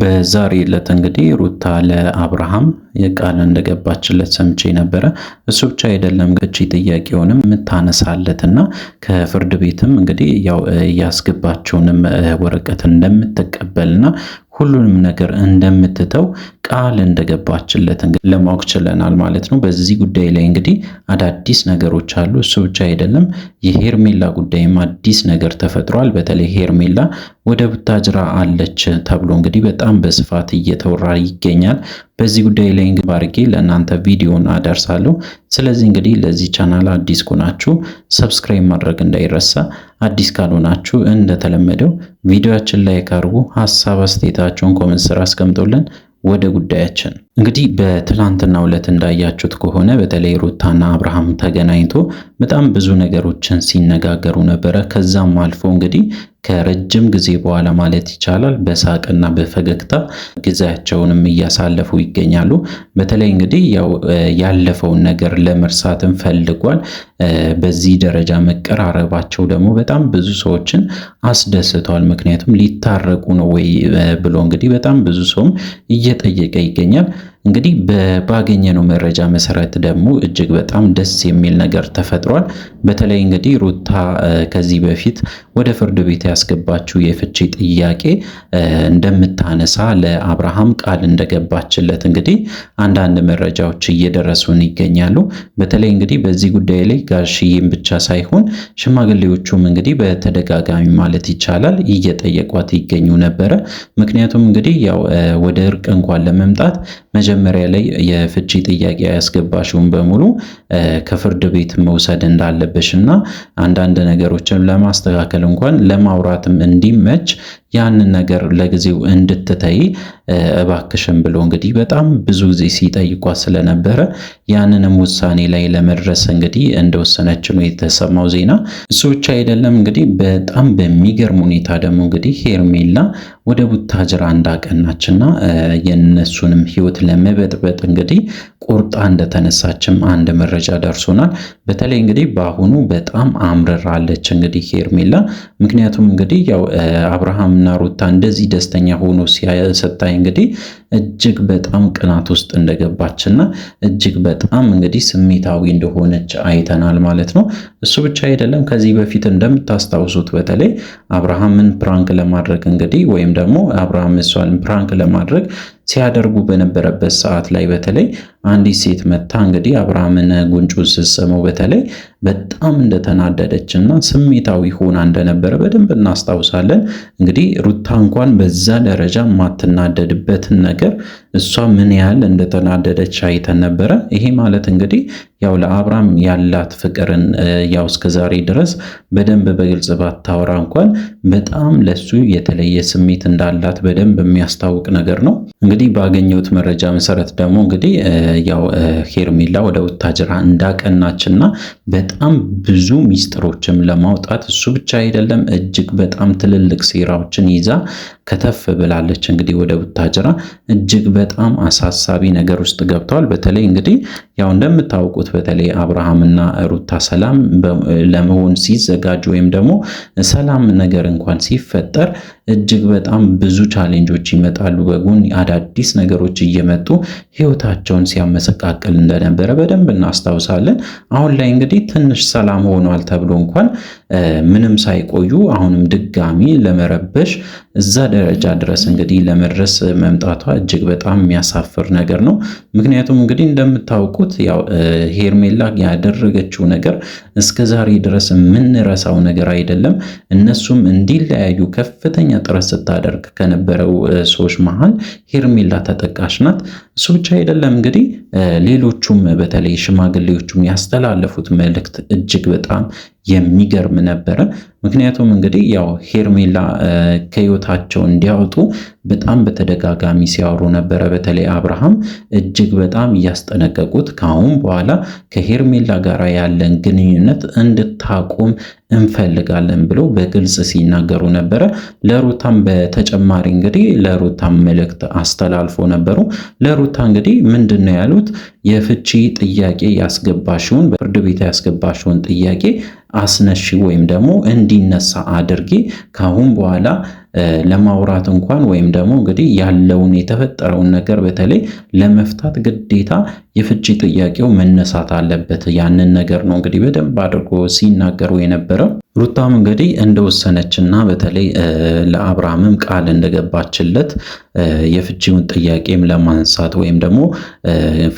በዛሬ ዕለት እንግዲህ ሩታ ለአብርሃም የቃል እንደገባችለት ሰምቼ ነበረ። እሱ ብቻ አይደለም ገቺ ጥያቄውንም የምታነሳለትና ከፍርድ ቤትም እንግዲህ ያው እያስገባቸውንም ወረቀት እንደምትቀበልና ሁሉንም ነገር እንደምትተው ቃል እንደገባችለት ለማወቅ ችለናል ማለት ነው። በዚህ ጉዳይ ላይ እንግዲህ አዳዲስ ነገሮች አሉ። እሱ ብቻ አይደለም፣ የሄርሜላ ጉዳይም አዲስ ነገር ተፈጥሯል። በተለይ ሄርሜላ ወደ ቡታጅራ አለች ተብሎ እንግዲህ በጣም በስፋት እየተወራ ይገኛል። በዚህ ጉዳይ ላይ እንግዲህ ባርጌ ለእናንተ ቪዲዮን አደርሳለሁ። ስለዚህ እንግዲህ ለዚህ ቻናል አዲስ ከሆናችሁ ሰብስክራይብ ማድረግ እንዳይረሳ፣ አዲስ ካልሆናችሁ እንደተለመደው ቪዲዮችን ላይ ካርጉ ሀሳብ አስተያየታችሁን ኮመንት ስራ አስቀምጦልን ወደ ጉዳያችን እንግዲህ በትላንትና ዕለት እንዳያችሁት ከሆነ በተለይ ሩታና አብርሃም ተገናኝቶ በጣም ብዙ ነገሮችን ሲነጋገሩ ነበረ። ከዛም አልፎ እንግዲህ ከረጅም ጊዜ በኋላ ማለት ይቻላል በሳቅና በፈገግታ ጊዜያቸውንም እያሳለፉ ይገኛሉ። በተለይ እንግዲህ ያው ያለፈውን ነገር ለመርሳትም ፈልጓል። በዚህ ደረጃ መቀራረባቸው ደግሞ በጣም ብዙ ሰዎችን አስደስተዋል። ምክንያቱም ሊታረቁ ነው ወይ ብሎ እንግዲህ በጣም ብዙ ሰውም እየጠየቀ ይገኛል። እንግዲህ ባገኘነው መረጃ መሰረት ደግሞ እጅግ በጣም ደስ የሚል ነገር ተፈጥሯል። በተለይ እንግዲህ ሩታ ከዚህ በፊት ወደ ፍርድ ቤት ያስገባችው የፍቺ ጥያቄ እንደምታነሳ ለአብርሃም ቃል እንደገባችለት እንግዲህ አንዳንድ መረጃዎች እየደረሱን ይገኛሉ። በተለይ እንግዲህ በዚህ ጉዳይ ላይ ጋሽዬም ብቻ ሳይሆን ሽማግሌዎቹም እንግዲህ በተደጋጋሚ ማለት ይቻላል እየጠየቋት ይገኙ ነበረ። ምክንያቱም እንግዲህ ያው ወደ እርቅ እንኳን ለመምጣት መጀመሪያ ላይ የፍቺ ጥያቄ ያስገባሽውን በሙሉ ከፍርድ ቤት መውሰድ እንዳለብሽ እና አንዳንድ ነገሮችን ለማስተካከል እንኳን ለማውራትም እንዲመች ያንን ነገር ለጊዜው እንድትተይ እባክሽን ብሎ እንግዲህ በጣም ብዙ ጊዜ ሲጠይቋ ስለነበረ ያንንም ውሳኔ ላይ ለመድረስ እንግዲህ እንደወሰነች ነው የተሰማው ዜና። እሱ ብቻ አይደለም እንግዲህ በጣም በሚገርም ሁኔታ ደግሞ እንግዲህ ሄርሜላ ወደ ቡታጅራ እንዳቀናችና የነሱንም ህይወት ለመበጥበጥ እንግዲህ ቁርጣ እንደተነሳችም አንድ መረጃ ደርሶናል። በተለይ እንግዲህ በአሁኑ በጣም አምርራለች እንግዲህ ሄርሜላ ምክንያቱም እንግዲህ ያው አብርሃም አብርሃምና ሩታ እንደዚህ ደስተኛ ሆኖ ስታይ እንግዲህ እጅግ በጣም ቅናት ውስጥ እንደገባችና እጅግ በጣም እንግዲህ ስሜታዊ እንደሆነች አይተናል ማለት ነው። እሱ ብቻ አይደለም። ከዚህ በፊት እንደምታስታውሱት በተለይ አብርሃምን ፕራንክ ለማድረግ እንግዲህ ወይም ደግሞ አብርሃም እሷን ፕራንክ ለማድረግ ሲያደርጉ በነበረበት ሰዓት ላይ በተለይ አንዲት ሴት መታ እንግዲህ አብርሃምን ጉንጩ ስትስመው በተለይ በጣም እንደተናደደች እና ስሜታዊ ሆና እንደነበረ በደንብ እናስታውሳለን። እንግዲህ ሩታ እንኳን በዛ ደረጃ የማትናደድበትን ነገር ነገር እሷ ምን ያህል እንደተናደደች አይተን ነበረ። ይሄ ማለት እንግዲህ ያው ለአብርሃም ያላት ፍቅርን ያው እስከ ዛሬ ድረስ በደንብ በግልጽ ባታወራ እንኳን በጣም ለሱ የተለየ ስሜት እንዳላት በደንብ የሚያስታውቅ ነገር ነው። እንግዲህ ባገኘሁት መረጃ መሰረት ደግሞ እንግዲህ ያው ሄርሜላ ወደ ቡታጅራ እንዳቀናችና በጣም ብዙ ሚስጥሮችም ለማውጣት እሱ ብቻ አይደለም እጅግ በጣም ትልልቅ ሴራዎችን ይዛ ከተፍ ብላለች። እንግዲህ ወደ ውታጅራ እጅግ በጣም አሳሳቢ ነገር ውስጥ ገብተዋል። በተለይ እንግዲህ ያው እንደምታውቁት በተለይ አብርሃምና ሩታ ሰላም ለመሆን ሲዘጋጅ ወይም ደግሞ ሰላም ነገር እንኳን ሲፈጠር እጅግ በጣም ብዙ ቻሌንጆች ይመጣሉ። በጎን አዳዲስ ነገሮች እየመጡ ህይወታቸውን ሲያመሰቃቅል እንደነበረ በደንብ እናስታውሳለን። አሁን ላይ እንግዲህ ትንሽ ሰላም ሆኗል ተብሎ እንኳን ምንም ሳይቆዩ አሁንም ድጋሚ ለመረበሽ እዛ ደረጃ ድረስ እንግዲህ ለመድረስ መምጣቷ እጅግ በጣም የሚያሳፍር ነገር ነው። ምክንያቱም እንግዲህ እንደምታውቁት ያው ሄርሜላ ያደረገችው ነገር እስከ ዛሬ ድረስ የምንረሳው ነገር አይደለም። እነሱም እንዲለያዩ ከፍተኛ ጥረት ስታደርግ ከነበረው ሰዎች መሃል ሄርሜላ ተጠቃሽ ናት። እሱ ብቻ አይደለም እንግዲህ ሌሎቹም በተለይ ሽማግሌዎቹም ያስተላለፉት መልእክት እጅግ በጣም የሚገርም ነበረ። ምክንያቱም እንግዲህ ያው ሄርሜላ ከህይወታቸው እንዲያወጡ በጣም በተደጋጋሚ ሲያወሩ ነበረ። በተለይ አብርሃም እጅግ በጣም እያስጠነቀቁት ከአሁን በኋላ ከሄርሜላ ጋር ያለን ግንኙነት እንድታቁም እንፈልጋለን ብለው በግልጽ ሲናገሩ ነበረ። ለሩታም በተጨማሪ እንግዲህ ለሩታም መልእክት አስተላልፎ ነበሩ። ለሩታ እንግዲህ ምንድን ነው ያሉት? የፍቺ ጥያቄ ያስገባሽውን በፍርድ ቤት ያስገባሽውን ጥያቄ አስነሺ ወይም ደግሞ እንዲነሳ አድርጌ ካሁን በኋላ ለማውራት እንኳን ወይም ደግሞ እንግዲህ ያለውን የተፈጠረውን ነገር በተለይ ለመፍታት ግዴታ የፍቺ ጥያቄው መነሳት አለበት። ያንን ነገር ነው እንግዲህ በደንብ አድርጎ ሲናገሩ የነበረው። ሩታም እንግዲህ እንደወሰነችና በተለይ ለአብርሃምም ቃል እንደገባችለት የፍቺውን ጥያቄም ለማንሳት ወይም ደግሞ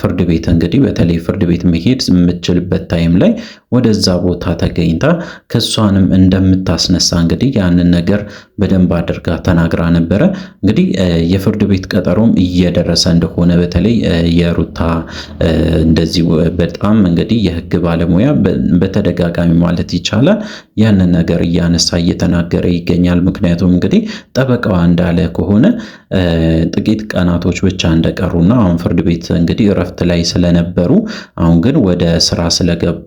ፍርድ ቤት እንግዲህ በተለይ ፍርድ ቤት መሄድ የምችልበት ታይም ላይ ወደዛ ቦታ ተገኝታ ከሷንም እንደምታስነሳ እንግዲህ ያንን ነገር በደንብ አድርጋ ተናግራ ነበረ። እንግዲህ የፍርድ ቤት ቀጠሮም እየደረሰ እንደሆነ በተለይ የሩታ እንደዚህ በጣም እንግዲህ የህግ ባለሙያ በተደጋጋሚ ማለት ይቻላል ያንን ነገር እያነሳ እየተናገረ ይገኛል። ምክንያቱም እንግዲህ ጠበቃዋ እንዳለ ከሆነ ጥቂት ቀናቶች ብቻ እንደቀሩና አሁን ፍርድ ቤት እንግዲህ እረፍት ላይ ስለነበሩ አሁን ግን ወደ ስራ ስለገቡ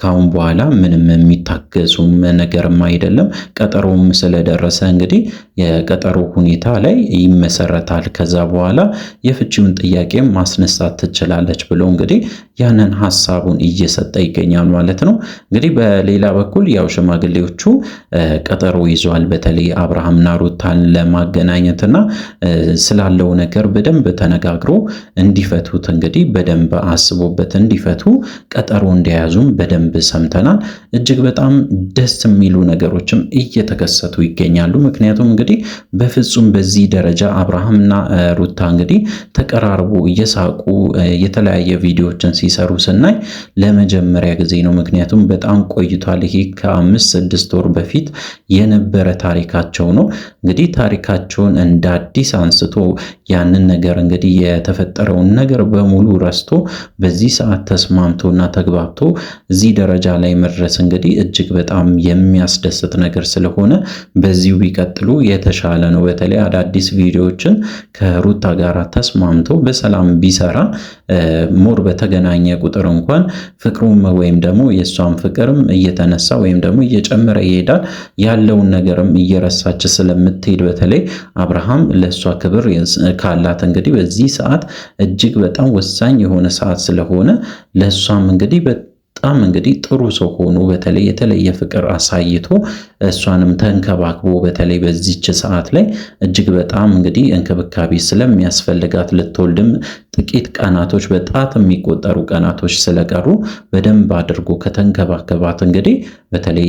ከአሁን በኋላ ምንም የሚታገዙም ነገርም አይደለም። ቀጠሮም ስለደረሰ እንግዲህ የቀጠሮ ሁኔታ ላይ ይመሰረታል። ከዛ በኋላ የፍቺውን ጥያቄ ማስነሳት ትችላለች ብሎ እንግዲህ ያንን ሀሳቡን እየሰጠ ይገኛል ማለት ነው። እንግዲህ በሌላ በኩል ያው ሽማግሌዎቹ ቀጠሮ ይዟል። በተለይ አብርሃምና ሩታን ለማገናኘትና ስላለው ነገር በደንብ ተነጋግሮ እንዲፈቱት እንግዲህ በደንብ አስቦበት እንዲፈቱ ቀጠሮ እንደያዙም በደንብ ሰምተናል። እጅግ በጣም ደስ የሚሉ ነገሮችም እየተከሰቱ ይገኛሉ። ምክንያቱም እንግዲህ በፍጹም በዚህ ደረጃ አብርሃምና ሩታ እንግዲህ ተቀራርቦ እየሳቁ የተለያየ ቪዲዮዎችን ሲሰሩ ስናይ ለመጀመሪያ ጊዜ ነው። ምክንያቱም በጣም ቆይቷል። ይሄ ከአምስት ስድስት ወር በፊት የነበረ ታሪካቸው ነው። እንግዲህ ታሪካቸውን እንደ አዲስ አንስቶ ያንን ነገር እንግዲህ የተፈጠረውን ነገር በሙሉ ረስቶ በዚህ ሰዓት እና ተግባብቶ እዚህ ደረጃ ላይ መድረስ እንግዲህ እጅግ በጣም የሚያስደስት ነገር ስለሆነ በዚሁ ቢቀጥሉ የተሻለ ነው። በተለይ አዳዲስ ቪዲዮዎችን ከሩታ ጋር ተስማምቶ በሰላም ቢሰራ ሞር በተገናኘ ቁጥር እንኳን ፍቅሩም ወይም ደግሞ የእሷም ፍቅርም እየተነሳ ወይም ደግሞ እየጨመረ ይሄዳል። ያለውን ነገርም እየረሳች ስለምትሄድ በተለይ አብርሃም ለእሷ ክብር ካላት እንግዲህ በዚህ ሰዓት እጅግ በጣም ወሳኝ የሆነ ሰዓት ስለሆነ ለእሷም እንግዲህ በጣም እንግዲህ ጥሩ ሰው ሆኖ በተለይ የተለየ ፍቅር አሳይቶ እሷንም ተንከባክቦ በተለይ በዚች ሰዓት ላይ እጅግ በጣም እንግዲህ እንክብካቤ ስለሚያስፈልጋት ልትወልድም ጥቂት ቀናቶች በጣት የሚቆጠሩ ቀናቶች ስለቀሩ በደንብ አድርጎ ከተንከባከባት እንግዲህ በተለይ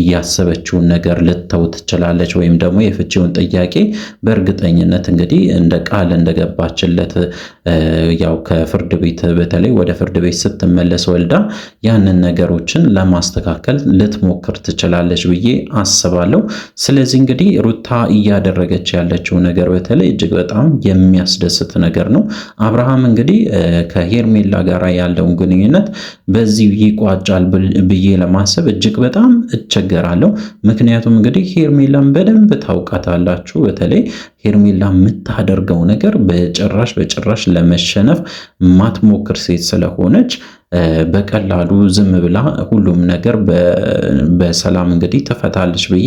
እያሰበችውን ነገር ልተው ትችላለች፣ ወይም ደግሞ የፍቺውን ጥያቄ በእርግጠኝነት እንግዲህ እንደ ቃል እንደገባችለት ያው ከፍርድ ቤት በተለይ ወደ ፍርድ ቤት ስትመለስ ወልዳ ያንን ነገሮችን ለማስተካከል ልትሞክር ትችላለች ብዬ አስባለሁ። ስለዚህ እንግዲህ ሩታ እያደረገች ያለችው ነገር በተለይ እጅግ በጣም የሚያስደስት ነገር ነው። አብርሃም እንግዲህ ከሄርሜላ ጋር ያለውን ግንኙነት በዚህ ይቋጫል ብዬ ለማሰብ እጅግ በጣም እቸገራለሁ። ምክንያቱም እንግዲህ ሄርሜላን በደንብ ታውቃታላችሁ። በተለይ ሄርሜላ የምታደርገው ነገር በጭራሽ በጭራሽ ለመሸነፍ ማትሞክር ሴት ስለሆነች በቀላሉ ዝም ብላ ሁሉም ነገር በሰላም እንግዲህ ትፈታለች ብዬ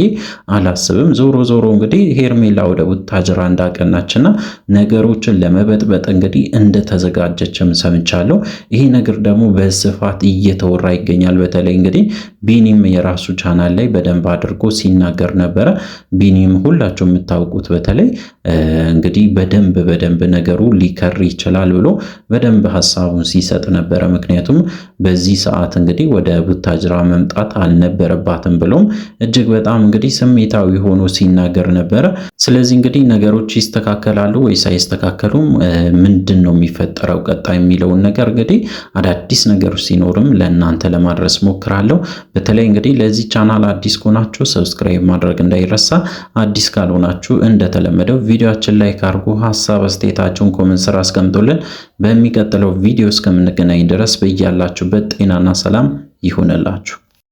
አላስብም። ዞሮ ዞሮ እንግዲህ ሄርሜላ ወደ ቡታጅራ እንዳቀናችና ነገሮችን ለመበጥበጥ እንግዲህ እንደተዘጋጀችም ሰምቻለሁ። ይሄ ነገር ደግሞ በስፋት እየተወራ ይገኛል። በተለይ እንግዲህ ቢኒም የራሱ ቻናል ላይ በደንብ አድርጎ ሲናገር ነበረ። ቢኒም ሁላችሁ የምታውቁት በተለይ እንግዲህ በደንብ በደንብ ነገሩ ሊከር ይችላል ብሎ በደንብ ሀሳቡን ሲሰጥ ነበረ። ምክንያቱም በዚህ ሰዓት እንግዲህ ወደ ቡታጅራ መምጣት አልነበረባትም ብሎም እጅግ በጣም እንግዲህ ስሜታዊ ሆኖ ሲናገር ነበረ። ስለዚህ እንግዲህ ነገሮች ይስተካከላሉ ወይስ አይስተካከሉም፣ ምንድን ነው የሚፈጠረው ቀጣይ የሚለውን ነገር እንግዲህ አዳዲስ ነገሮች ሲኖርም ለእናንተ ለማድረስ ሞክራለሁ። በተለይ እንግዲህ ለዚህ ቻናል አዲስ ከሆናችሁ ሰብስክራይብ ማድረግ እንዳይረሳ፣ አዲስ ካልሆናችሁ እንደተለመደው በማድረግ ቪዲዮችን ላይክ አድርጉ፣ ሀሳብ አስተያየታችሁን ኮመንት ስራ አስቀምጡልን። በሚቀጥለው ቪዲዮ እስከምንገናኝ ድረስ በያላችሁበት ጤናና ሰላም ይሁንላችሁ።